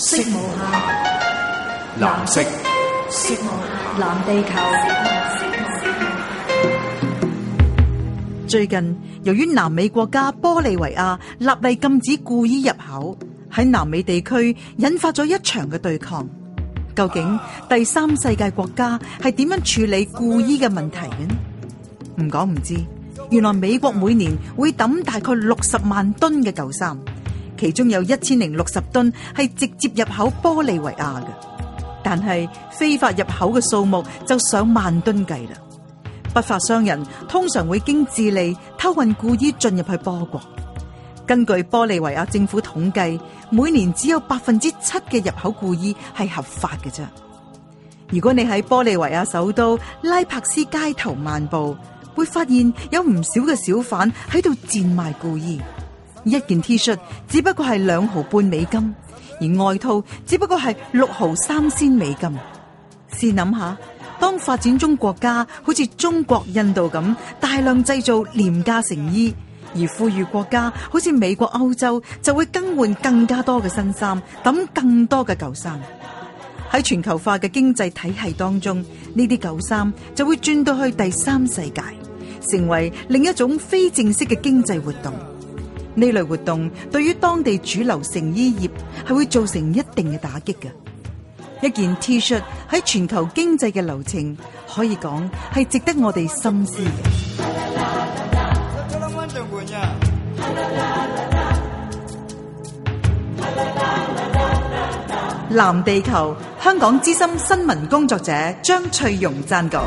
色無暇，藍色。色無暇，藍地球，藍地球。最近，由於南美國家玻利維亞立例禁止故衣入口，喺南美地區引發咗一場嘅對抗。究竟第三世界國家係點樣處理故衣嘅問題嘅呢？唔講唔知，原來美國每年會抌大概六十萬噸嘅舊衫。其中有一千零六十噸係直接入口玻利維亞嘅，但係非法入口嘅數目就上萬噸計啦。不法商人通常會經智利偷運故意進入去玻國。根據玻利維亞政府統計，每年只有百分之七嘅入口故意係合法嘅啫。如果你喺玻利維亞首都拉帕斯街頭漫步，會發現有唔少嘅小販喺度賤賣故意。一件 T 恤只不過係兩毫半美金，而外套只不過係六毫三仙美金。試諗下，當發展中國家好似中國、印度咁大量製造廉價成衣，而富裕國家好似美國、歐洲就會更換更加多嘅新衫，抌更多嘅舊衫。喺全球化嘅經濟體系當中，呢啲舊衫就會轉到去第三世界，成為另一種非正式嘅經濟活動。呢 類活動對於當地主流成衣業係會造成一定嘅打擊嘅。一件 T 恤喺全球經濟嘅流程，可以講係值得我哋深思嘅。藍地球。香港資深新聞工作者張翠容撰稿。